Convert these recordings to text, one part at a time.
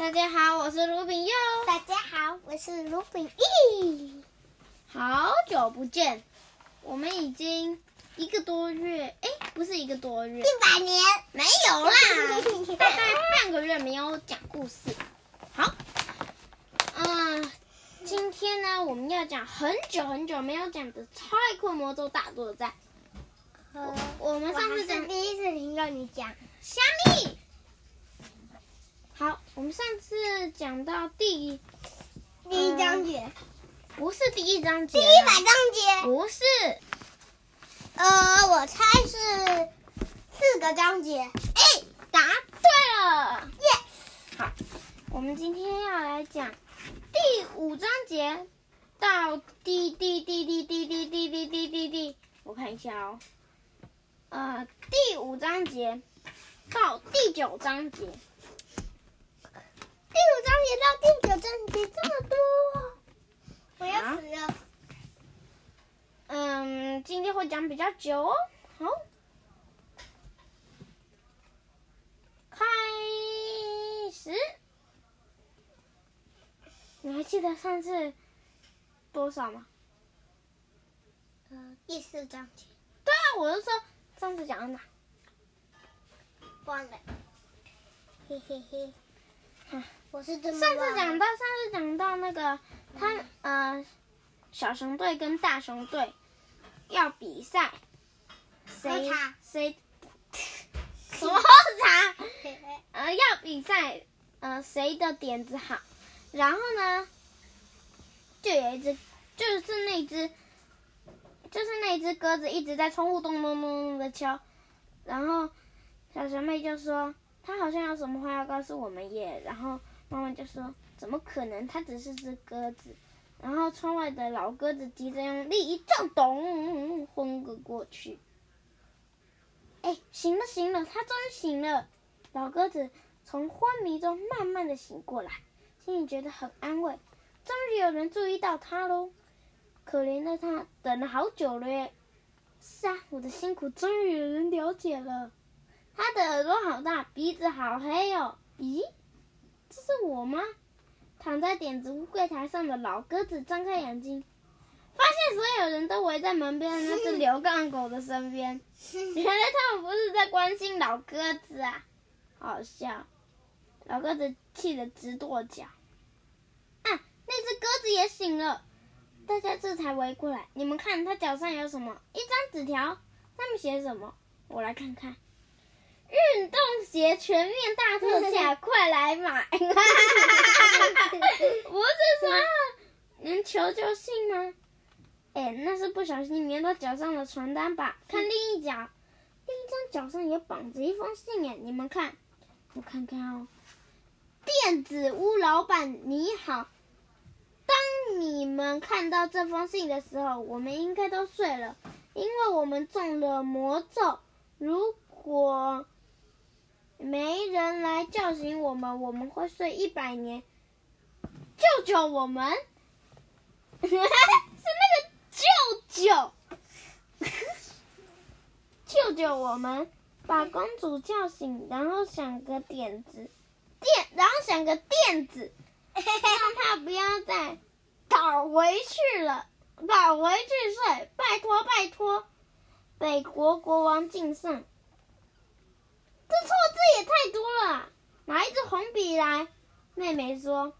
大家好，我是盧炳佑。大家好，我是盧炳義。好久不見，我們已經一個多月，誒不是一個多月，一百年、嗯、沒有啦， 大概半個月沒有講故事。好，嗯、呃，今天呢，我們要講很久很久沒有講的《超愛睏魔咒大作戰》。我，我們上次的第一次聽到你講香蜜。好，我們上次講到第、呃、第一章節，不是第一章節、啊，第一百章節，不是。呃，我猜是四個章節，哎、欸，答對了，yes。好，我們今天要來講第五章節到第第第第第第第第第第，第，我看一下哦，呃，第五章節到第九章節。第五章節到第九章節這麼多，我要死了。啊？嗯，今天會講比較久哦。好，開始。你還記得上次多少嗎？嗯，第四章節。對啊，我是說上次講的哪？忘了。嘿嘿嘿。 啊、我是上次講到上次講到那個他呃小熊隊跟大熊隊要比賽，誰誰什麼喝茶，呃要比賽呃誰的點子好？然後呢就有一隻就是那隻就是那隻鴿子一直在窗戶咚咚咚咚的敲，然後小熊妹就說。他好像有什麼話要告訴我們耶，然後媽媽就說：“怎麼可能？他只是只鴿子。”然後窗外的老鴿子急着用力一撞，咚！昏了過去。哎、欸，行了行了，他終於醒了。老鴿子從昏迷中慢慢的醒過來，心裡覺得很安慰。終於有人注意到他嘍！可憐的他等了好久了。是啊，我的辛苦終於有人了解了。他的耳朵好大，鼻子好黑哦。咦，這是我嗎？躺在點子屋櫃台上的老鴿子張開眼睛，發現所有人都圍在門邊那只流浪狗的身邊。 原來他們不是在關心老鴿子啊！好笑。老鴿子氣得直跺腳。啊！那只鴿子也醒了，大家這才圍過來。你們看，它腳上有什麼？一張紙條，上面寫著什麼？我來看看。運動鞋全面大特價， 快來買！ 不是說能求救信嗎？哎，那是不小心粘到腳上的傳單吧？看另一腳，另一張腳上也綁着一封信。哎，你們看，我看看哦。點子屋老板你好，當你們看到這封信的時候，我們應該都睡了，因為我們中了魔咒。如果沒人來叫醒我們，我們會睡一百年。救救我們！ 是那個舅舅， 救救我們，把公主叫醒，然後想個點子墊，然後想個點子，讓他不要再倒回去了，倒回去睡。拜託拜託，北國國王敬上。這錯字也太多了，啊，拿一支紅筆來。妹妹說：“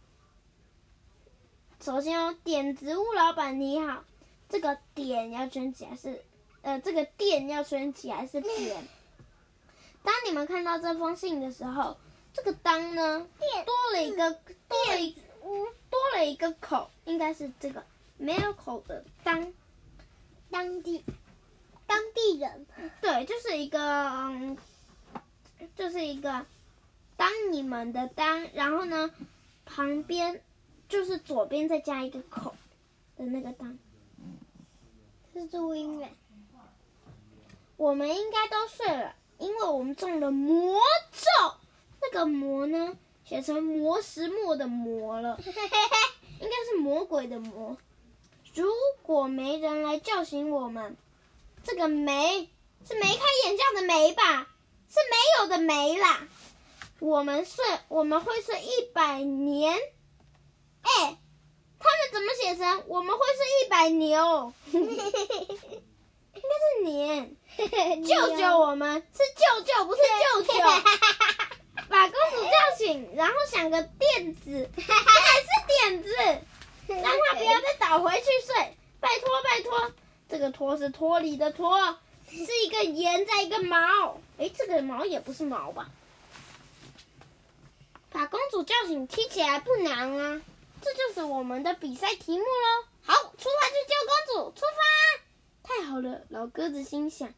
首先哦，點子屋老板你好，這個點要圈起來是，呃，這個店要圈起來是點？當你們看到這封信的時候，這個當呢多了一個多了一多了一個口，應該是這個沒有口的當，當地當地人，對，就是一個嗯。”這、就是一個當你們的當，然後呢，旁邊就是左邊再加一個口的那個當，是助眠。我們應該都睡了，因為我們中了魔咒。那個魔呢，寫成魔石墨的魔了， 應該是魔鬼的魔。如果沒人來叫醒我們，這個眉是眉開眼笑的眉吧？是沒有的沒啦，我們睡，我們會睡一百年，哎、欸，他們怎麼寫成我們會睡一百牛？ 應該是年。 救救我們 是舅舅，我們是舅舅不是舅舅。 把公主叫醒，然後想個點子， 還是點子，讓她不要再倒回去睡。拜托拜托，這個托是托離的托。是一個鹽，在一個毛，哎，這個毛也不是毛吧？把公主叫醒踢起來不難啊，這就是我們的比賽題目咯。好，出發去救公主，出發！太好了，老鴿子心想，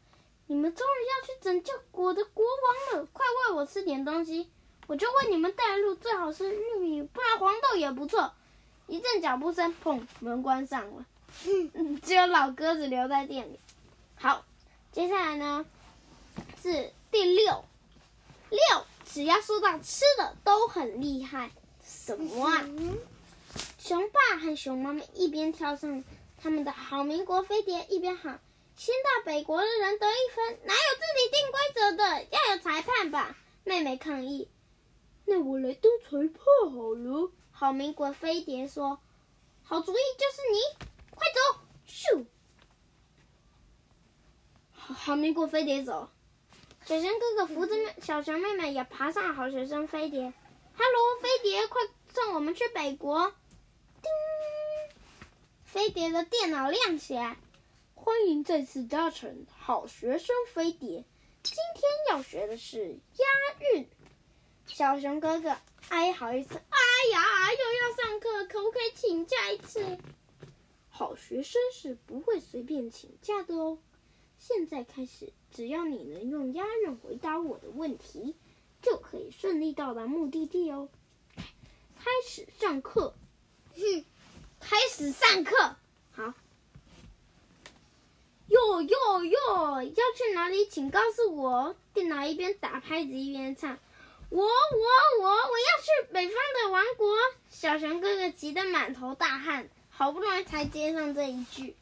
你們終於要去拯救我的國王了，快餵我吃點東西，我就為你們帶路。最好是玉米，不然黃豆也不錯。一陣腳步聲，砰，門關上了， 只有老鴿子留在店裡。好。接下來呢是第六六，只要說到吃的都很厲害。什麼啊、嗯？熊爸和熊媽媽一邊跳上他們的好民國飛碟，一邊喊：“先到北國的人得一分。”哪有自己定規則的？要有裁判吧？妹妹抗議：“那我來當裁判好了。”好民國飛碟說：“好主意就是你，快走！”咻。好，沒過飛碟走，小熊哥哥扶着小熊妹妹也爬上了好學生飛碟。Hello，飛碟，快送我們去北國！叮，飛碟的電腦亮起來，歡迎再次搭乘好學生飛碟。今天要學的是押韻。小熊哥哥，哎，好意思，哎呀，又要上課，可不可以請假一次？好學生是不會隨便請假的哦。現在開始，只要你能用押韻回答我的問題，就可以順利到達目的地哦。開始上課，哼、嗯，開始上課。好，喲喲喲，要去哪裡？請告訴我。電腦一邊打拍子一邊唱，我我我，我，我要去北方的王國。小熊哥哥急得滿頭大汗，好不容易才接上這一句。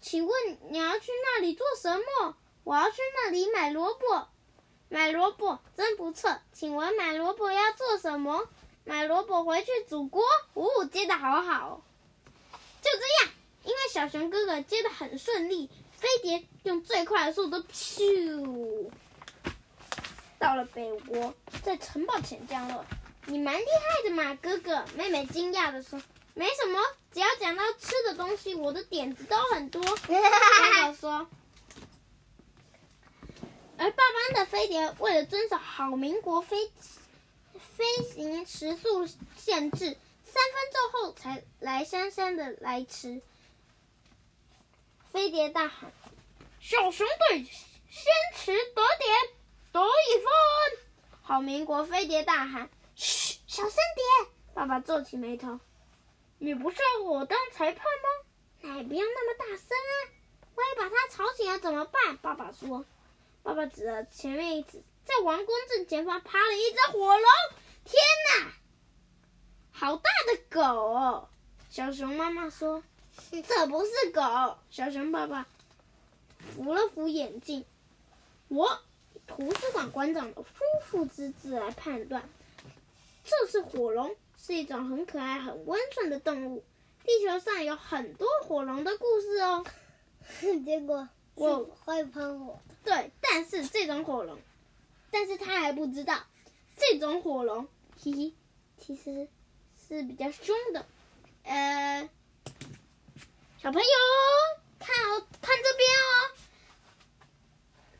請問你要去那裡做什麼？我要去那裡買蘿蔔。買蘿蔔真不錯。請問買蘿蔔要做什麼？買蘿蔔回去煮鍋。哦，接得好好，就這樣。因為小熊哥哥接得很順利，飛碟用最快的速度咻，到了北國，在城堡前降落。你蠻厲害的嘛，哥哥。妹妹驚訝地說。沒什麼，只要講到吃的東西，我的點子都很多，很 好說。而、欸、爸爸的飛碟為了遵守“好民國飛”飛飛行時速限制，三分鐘後才來姍姍的來遲。飛碟大喊：“小熊隊先馳得點，得一分！”好民國飛碟大喊：“噓，小聲點！”爸爸皺起眉頭。你不是要我當裁判嗎？哎，不要那麼大聲啊！萬一把他吵醒了怎麼辦？爸爸說。爸爸指着前面一指，在王宮正前方趴了一隻火龍。天哪，好大的狗哦！小熊媽媽說：“ 這不是狗。”小熊爸爸扶了扶眼鏡：“我以圖書館館長的豐富知識來判斷。”這是火龍，是一種很可愛、很溫順的動物。地球上有很多火龍的故事哦。結果我會噴火，對，但是這種火龍，但是他還不知道，這種火龍，嘿嘿，其實是比較兇的。呃，小朋友，看哦，看這邊哦，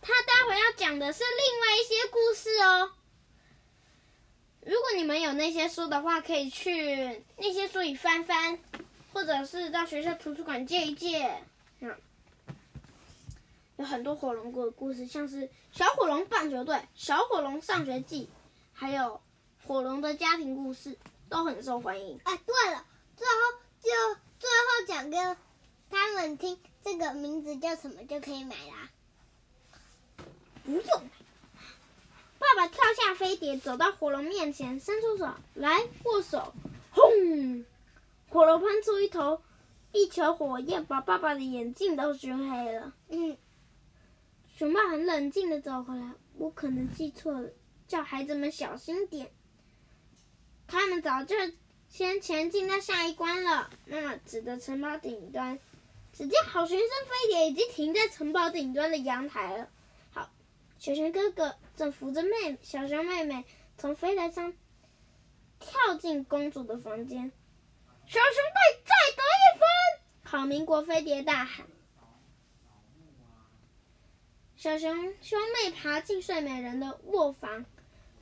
他待會要講的是另外一些故事哦。如果你們有那些書的話，可以去那些書裡翻翻，或者是到學校圖書館借一借。嗯，有很多火龍果的故事，像是《小火龍棒球隊》《小火龍上學記》，還有《火龍的家庭故事》都很受歡迎。哎，對了，最後就最後講給他們聽，這個名字叫什麼就可以買了。不、嗯、用。爸爸跳下飛碟，走到火龍面前，伸出手來握手。轟！火龍噴出一頭一球火焰，把爸爸的眼鏡都熏黑了。嗯。熊爸很冷靜地走回來：“我可能記錯了，叫孩子們小心點。”他們早就先前進到下一關了。媽、嗯、媽指着城堡頂端，只見好學生飛碟已經停在城堡頂端的陽台了。小熊哥哥正扶着妹小熊妹妹從飛碟上跳進公主的房間，小熊妹再得一分！好，民國飛碟大喊。小熊兄妹爬進睡美人的臥房，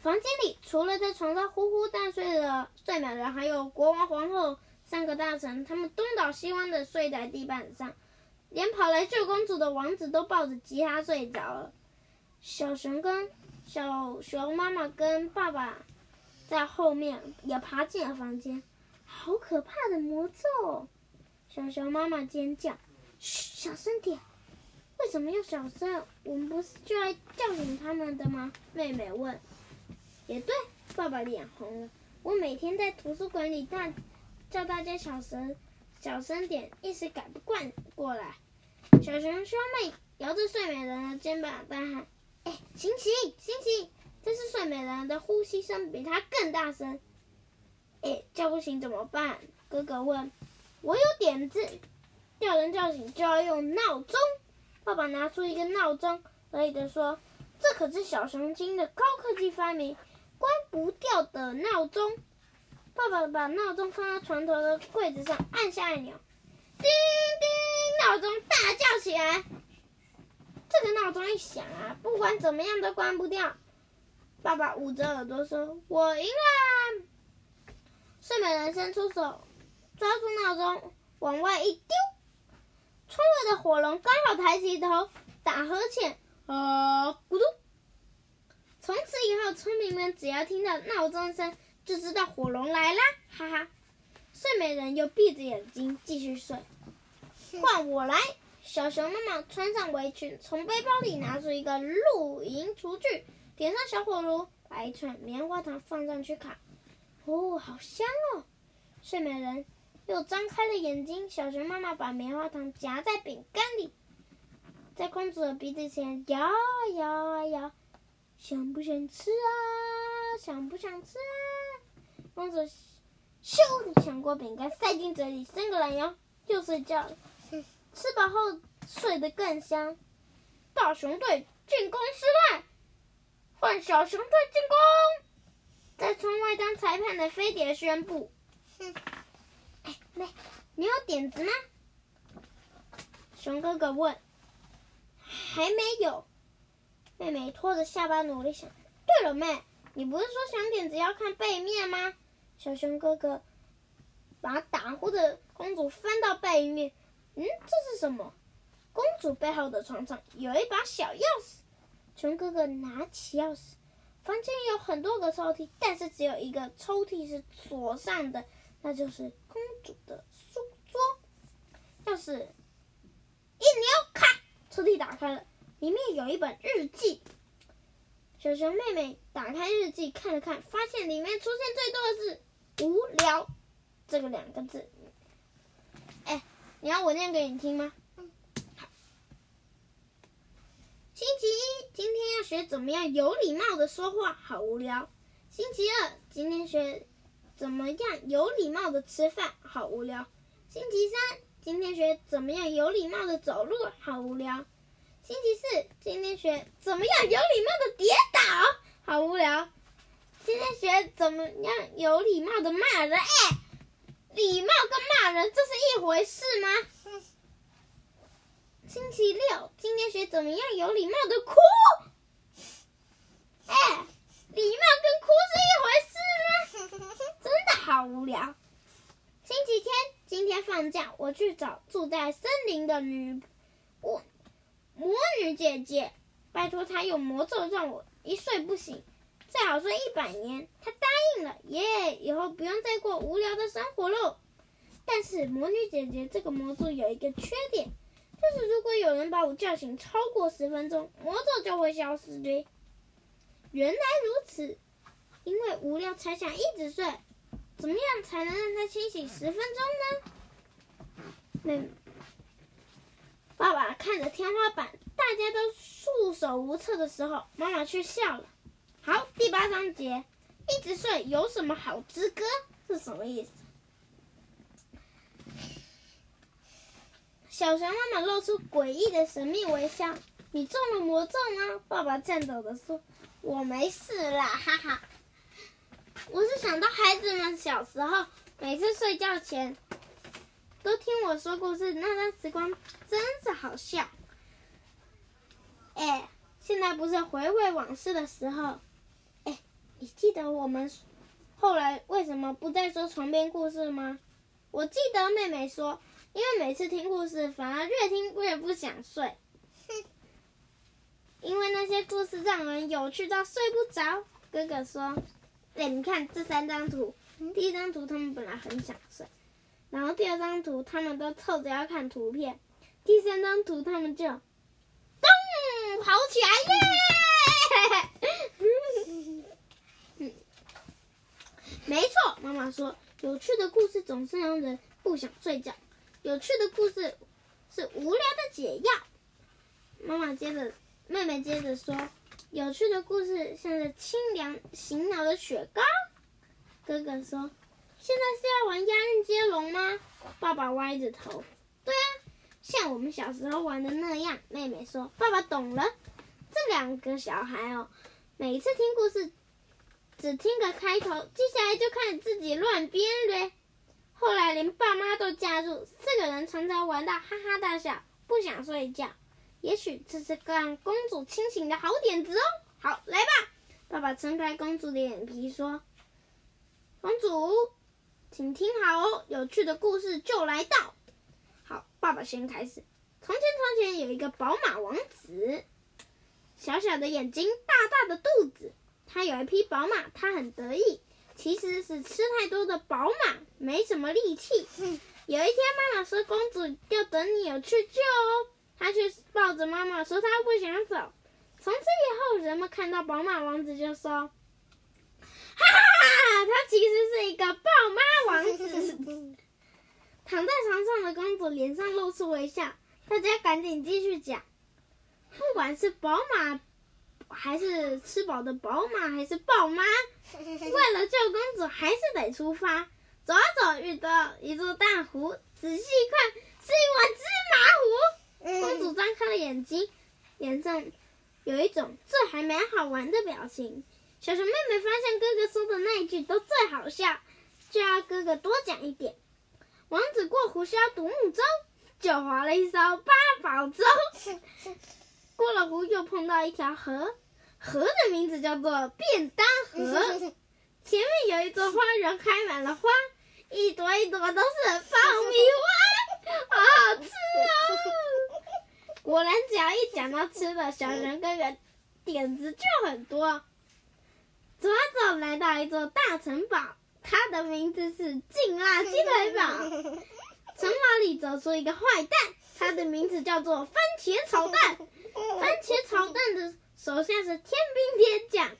房間裡除了在床上呼呼大睡的睡美人，還有國王、皇後、三個大臣，他們東倒西歪的睡在地板上，連跑來救公主的王子都抱着吉他睡着了。小熊跟小熊媽媽跟爸爸在後面也爬進了房間，好可怕的魔咒哦！小熊媽媽尖叫：“噓，小聲點！”“為什麼要小聲？我們不是就要叫醒他們的嗎？”妹妹問。“也對。”爸爸臉紅了，“我每天在圖書館裡大叫大家小聲，小聲點，一時改不慣過來。”小熊兄妹搖着睡美人的肩膀大喊。哎，醒醒，醒醒！這是睡美人的呼吸聲比她更大聲。哎，叫不醒怎麼辦？哥哥問。我有點子，叫人叫醒就要用鬧鐘。爸爸拿出一個鬧鐘，得意地說：“這可是小熊精的高科技發明，關不掉的鬧鐘。”爸爸把鬧鐘放在床頭的櫃子上，按下按鈕，叮叮，鬧鐘大叫起來。鬧鐘一響啊，不管怎麼樣都關不掉。爸爸捂着耳朵說：“我贏了啊。”睡美人伸出手，抓住鬧鐘，往外一丟。窗外的火龍剛好抬起頭打呵欠，呃，咕咚。從此以後，村民們只要聽到鬧鐘聲，就知道火龍來啦！哈哈。睡美人又閉着眼睛繼續睡。換我來。 小熊媽媽穿上圍裙，從背包裡拿出一個露營廚具，點上小火爐，把一串棉花糖放上去烤。哦，好香哦！睡美人又張開了眼睛。小熊媽媽把棉花糖夾在餅乾裡，在公主的鼻子前搖啊搖啊搖，搖，想不想吃啊？想不想吃啊？公主咻的搶過餅乾，塞進嘴裡，伸個懶腰，又睡覺了。吃飽後睡得更香。大熊隊進攻失敗，換小熊隊進攻。在窗外當裁判的飛碟宣布：“哼，哎，妹，你有點子嗎？”熊哥哥問。“還沒有。”妹妹托着下巴努力想。“對了，妹，你不是說想點子要看背面嗎？”小熊哥哥把打呼的公主翻到背面。嗯，這是什麼？公主背後的床上有一把小鑰匙。熊哥哥拿起鑰匙，房間有很多個抽屜，但是只有一個抽屜是鎖上的，那就是公主的書桌。鑰匙一扭，咔，抽屜打開了，裡面有一本日記。小熊妹妹打開日記看了看，發現裡面出現最多的是“無聊”這個兩個字。哎、欸。你要我念給你聽嗎？嗯。星期一，今天要學怎麼樣有禮貌的說話，好無聊。星期二，今天學怎麼樣有禮貌的吃飯，好無聊。星期三，今天學怎麼樣有禮貌的走路，好無聊。星期四，今天學怎麼樣有禮貌的跌倒，好無聊。今天學怎麼樣有禮貌的罵人。哎。禮貌跟罵人，這是一回事嗎？星期六，今天學怎麼樣有禮貌的哭。哎、欸，禮貌跟哭是一回事嗎？真的好無聊。星期天，今天放假，我去找住在森林的女巫魔女姐姐，拜託她用魔咒讓我一睡不醒。再好睡一百年，他答應了。爺、yeah, 爺以後不用再過無聊的生活嘍。但是魔女姐姐這個魔咒有一個缺點，就是如果有人把我叫醒超過十分鐘，魔咒就會消失的。原來如此，因為無聊才想一直睡。怎麼樣才能讓他清醒十分鐘呢？嗯、爸爸看着天花板，大家都束手無策的時候，媽媽卻笑了。好，第八章節一直睡有什麼好之歌是什麼意思？小熊媽媽露出詭異的神秘微笑：“你中了魔咒嗎？”爸爸顫抖的說：“我沒事啦，哈哈，我是想到孩子們小時候每次睡覺前都聽我說故事，那段時光真是好笑。”哎，現在不是回味往事的時候。你記得我們後來為什麼不再說床邊故事嗎？我記得妹妹說，因為每次聽故事反而越聽越不想睡。哼， 因為那些故事讓人有趣到睡不着。哥哥說，對，你看這三張圖，第一張圖他們本來很想睡，然後第二張圖他們都湊着要看圖片，第三張圖他們就，咚，跑起來耶！Yeah! 沒錯，媽媽說，有趣的故事總是讓人不想睡覺。有趣的故事是無聊的解藥。媽媽接着，妹妹接着說，有趣的故事像是清涼醒腦的雪糕。哥哥說，現在是要玩押韻接龍嗎？爸爸歪着頭，對啊，像我們小時候玩的那樣。妹妹說，爸爸懂了。這兩個小孩哦，每次聽故事。只聽個開頭，接下來就開始自己亂編嘞。後來連爸媽都加入，四個人常常玩到哈哈大笑，不想睡覺。也許這是個讓公主清醒的好點子哦。好，來吧，爸爸撐開公主的眼皮說：“公主，請聽好哦，有趣的故事就來到。”好，爸爸先開始。從前從前有一個寶馬王子，小小的眼睛，大大的肚子。他有一匹寶馬，他很得意。其實是吃太多的寶馬，沒什麼力氣。有一天，媽媽說公主要等你有去救哦，他卻抱着媽媽說他不想走。從此以後，人們看到寶馬王子就說：“哈哈哈，他其實是一個抱媽王子。”躺在床上的公主臉上露出微笑。大家趕緊繼續講，不管是寶馬。還是吃飽的寶馬，還是豹媽？為了救公主，還是得出發。走啊走，遇到一座大湖，仔細一看，是一碗芝麻糊。公主張開了眼睛，臉上有一種這還蠻好玩的表情。小熊妹妹發現哥哥說的那一句都最好笑，就要哥哥多講一點。王子過湖需要獨木舟，就划了一艘八寶粥。過了湖，又碰到一條河，河的名字叫做便當河。前面有一座花園，開滿了花，一朵一朵都是爆米花，好好吃哦！果然，只要一講到吃的，小熊哥哥點子就很多。接著來到一座大城堡，它的名字是勁辣雞腿堡。城堡裡走出一個壞蛋，他的名字叫做番茄炒蛋。番茄炒蛋的手下是天兵天將，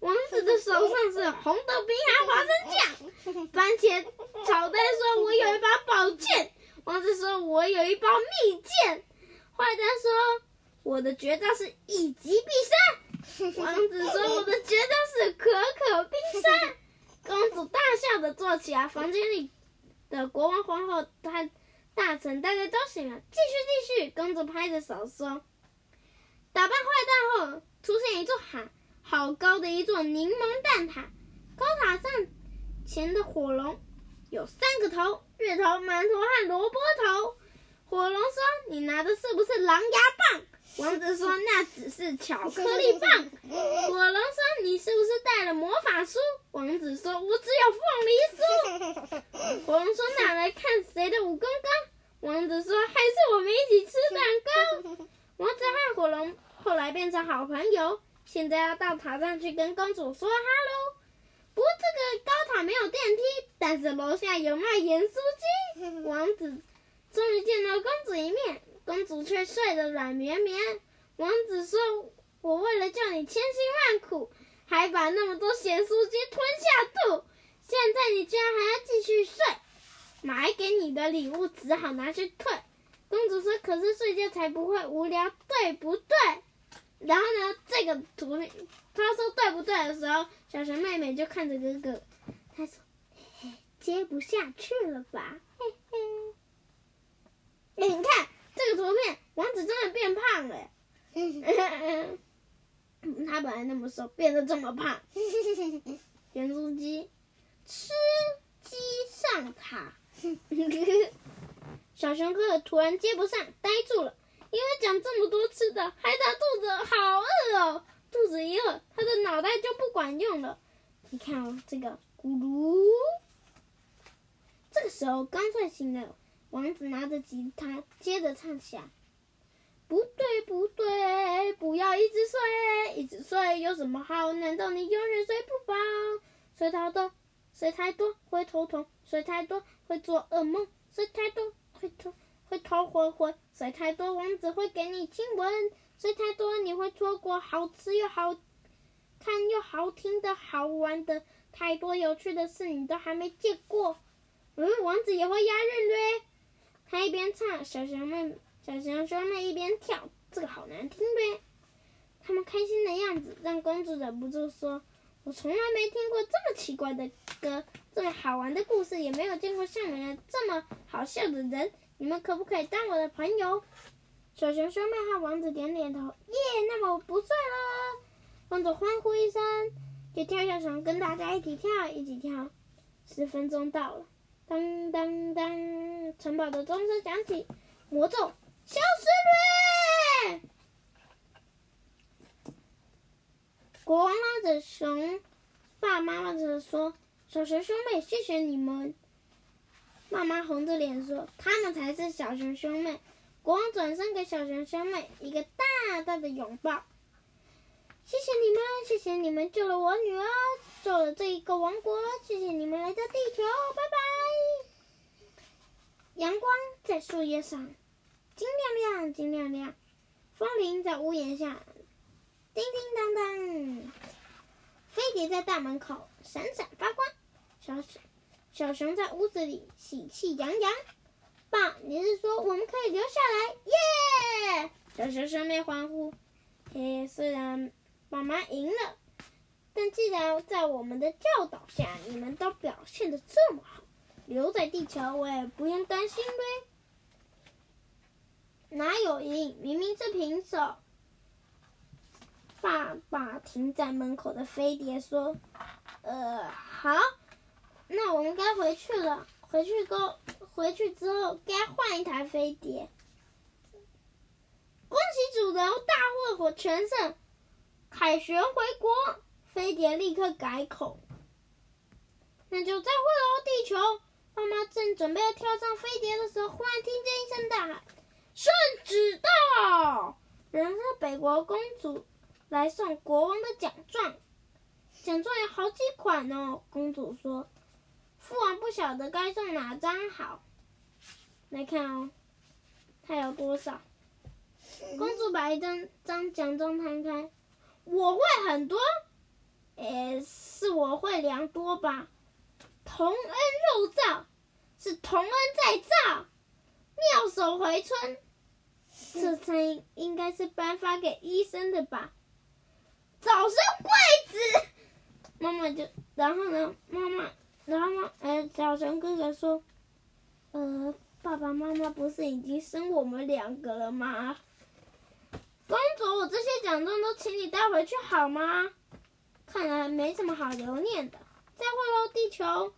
王子的手上是紅豆冰沙花生醬。番茄炒蛋說：“我有一把寶劍。”王子說：“我有一包蜜餞。”壞蛋說：“我的絕招是一擊必殺。”王子說：“我的絕招是可可冰沙。”公主大笑着坐起來，房間裡。的國王、皇後、他大臣，大家都醒了，繼續繼續。跟着拍着手說：“打敗壞蛋後，出現一座好高的一座檸檬蛋塔。高塔上前的火龍有三個頭：月頭、饅頭和蘿蔔頭。火龍說：‘你拿的是不是狼牙棒？’王子說：‘那只是巧克力棒。’火龍說：‘你是不是帶了魔法書？’”王子說：“我只有鳳梨酥。”火龍說：“那來看誰的武功高？”王子說：“還是我們一起吃蛋糕。”王子和火龍後來變成好朋友。現在要到塔上去跟公主說哈嘍。不過這個高塔沒有電梯，但是樓下有賣鹽酥雞。王子終於見到公主一面，公主卻睡得軟綿綿。王子說：“我為了救你千辛萬苦。”還把那麼多鹹酥雞吞下肚，現在你居然還要繼續睡，買給你的禮物只好拿去退。公主說：“可是睡覺才不會無聊，對不對？”然後呢，這個圖片，她說“對不對”的時候，小熊妹妹就看着哥哥，她說：“嘿嘿，“接不下去了吧？”嘿嘿，你看這個圖片，王子真的變胖了。 嗯，他本來那麼瘦，變得這麼胖。 圓珠機，吃雞上塔。 小熊哥突然接不上，呆住了，因為講這麼多吃的，害他肚子好餓哦。肚子一餓，他的腦袋就不管用了。你看哦，這個咕嚕。這個時候剛睡醒的王子拿着吉他，接着唱起來。不對不對，不要一直睡，一直睡有什麼好？難道你永遠睡不飽？睡太多，睡太多會頭痛，睡太多會做噩夢，睡太多會頭會頭昏昏，睡太多王子會給你親吻，睡太多你會錯過好吃又好看又好聽的好玩的太多有趣的事，你都還沒見過。嗯，王子也會押韻嘞。他一邊唱，小熊們。小熊兄妹一邊跳，這個好難聽唄。他們開心的樣子讓公主忍不住說：“我從來沒聽過這麼奇怪的歌，這麼好玩的故事，也沒有見過像你們這麼好笑的人。你們可不可以當我的朋友？”小熊兄妹和王子點點頭。耶、yeah！那麼我不睡了。公主歡呼一聲，就跳下床，跟大家一起跳，一起跳。十分鐘到了，當當當當，城堡的鐘聲響起，魔咒。小水妹，國王拉着熊爸、媽媽的手說：“小熊兄妹，謝謝你們。”媽媽紅着臉說：“他們才是小熊兄妹。”國王轉身給小熊兄妹一個大大的擁抱：“謝謝你們，謝謝你們救了我女兒，救了這一個王國，謝謝你們來到地球，拜拜。”陽光在樹葉上，金亮亮，金亮亮，風鈴在屋檐下，叮叮當當；飛碟在大門口閃閃發光，小熊小熊在屋子裡喜氣洋洋。爸，你是說我們可以留下來？耶！小熊兄妹歡呼。嘿、哎，雖然爸媽贏了，但既然在我們的教導下，你們都表現得這麼好，留在地球我也不用擔心唄。哪有贏？明明是平手。爸爸停在門口的飛碟說：“呃，好，那我們該回去了。回去回去之後該換一台飛碟。”恭喜主人大獲全勝，凱旋回國。飛碟立刻改口：“那就再會嘍、哦，地球。”爸媽正準備要跳上飛碟的時候，忽然聽見一聲大喊。聖旨到！人和北國公主，來送國王的獎狀。獎狀有好幾款哦。公主說：“父王不曉得該送哪張好。”來看哦，他有多少？公主把一張張獎狀攤開。嗯、我會很多，哎、欸，是我會良多吧？同恩肉燥，是同恩再造；妙手回春。這聲音應該是頒發給醫生的吧？早生貴子。媽媽就然後呢？媽媽，然後呢呃，小、哎、熊哥哥說，呃，爸爸媽媽不是已經生我們兩個了嗎？公主，我這些獎狀都請你帶回去好嗎？看來沒什麼好留念的。再會囉，地球。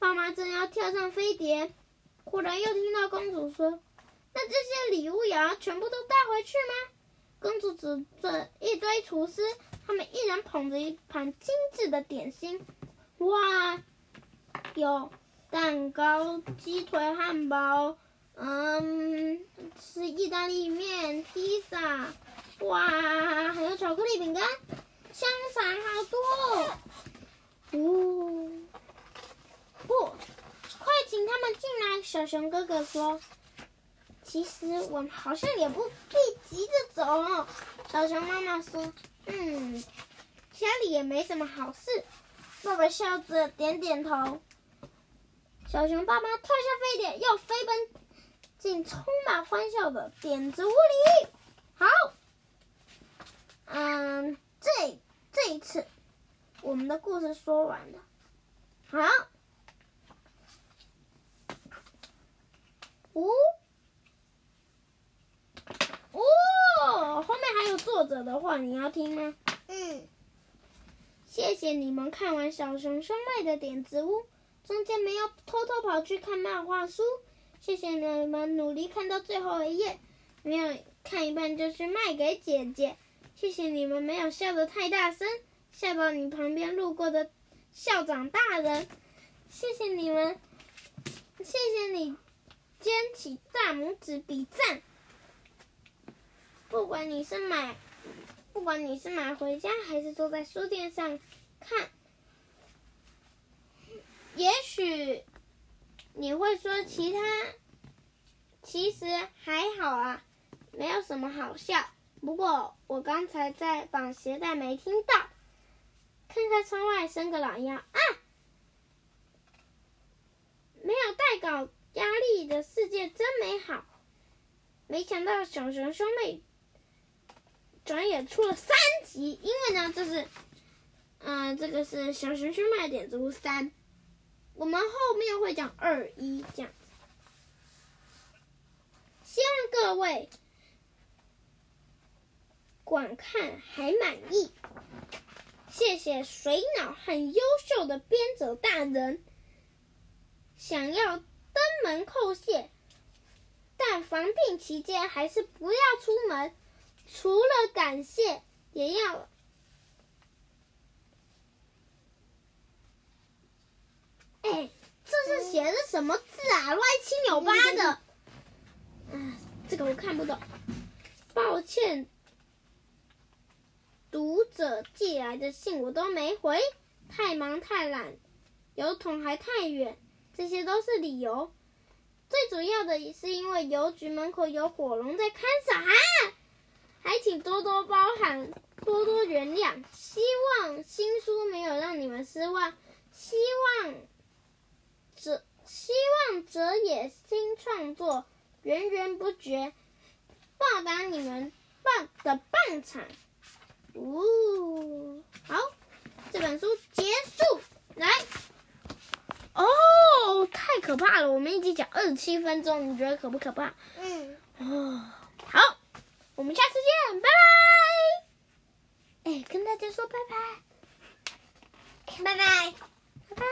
爸媽正要跳上飛碟，忽然又聽到公主說。那這些禮物也要全部都帶回去嗎？公主指着一堆廚師，他們一人捧着一盤精致的點心。哇，有蛋糕、雞腿、漢堡，嗯，是意大利麵、披薩。哇，還有巧克力餅乾，香腸，好多哦！哦哦、不，快請他們進來。小熊哥哥說。其實我們好像也不必急着走哦。小熊媽媽說：“嗯，家裡也沒什麼好事。”爸爸笑着點點頭。小熊爸媽跳下飛碟，又飛奔進充滿歡笑的點子屋裡。好，嗯，這這一次，我們的故事說完了。好，五、哦。哦，後面還有作者的話，你要聽嗎？嗯。謝謝你們看完《小熊兄妹的點子屋》，中間沒有偷偷跑去看漫畫書。謝謝你們努力看到最後一頁，沒有看一半就去賣給姐姐。謝謝你們沒有笑得太大聲，嚇到你旁邊路過的校長大人。謝謝你們，謝謝你，撿起大拇指比讚。不管你是買，不管你是買回家還是坐在書店上看，也許你會說其他，其實還好啊，沒有什麼好笑。不過我剛才在綁鞋帶，沒聽到。看看窗外，伸個懶腰啊！沒有代稿壓力的世界真美好。沒想到小熊兄妹。轉眼出了三集，因為呢，這是，嗯、呃，這個是《小熊兄妹的點子屋》3，我們後面會講二一講，希望各位觀看還滿意，謝謝水腦很優秀的編者大人，想要登門叩謝，但防病期間還是不要出門。除了感謝，也要……哎，這是寫的什麼字啊？歪、嗯、七扭八的。哎、嗯，這個我看不懂，抱歉。讀者寄來的信我都沒回，太忙太懶，郵筒還太遠，這些都是理由。最主要的是因為郵局門口有火龍在看守啊！還請多多包涵，多多原諒。希望新書沒有讓你們失望。希望哲，希望哲也新創作源源不絕，報答你們棒的捧場。嗚、哦，好，這本書結束。來，哦，太可怕了！我們一起講二十七分鐘，你覺得可不可怕？嗯，哦，好。我們下次見，拜拜！哎，跟大家說拜拜，拜拜，拜拜。拜拜。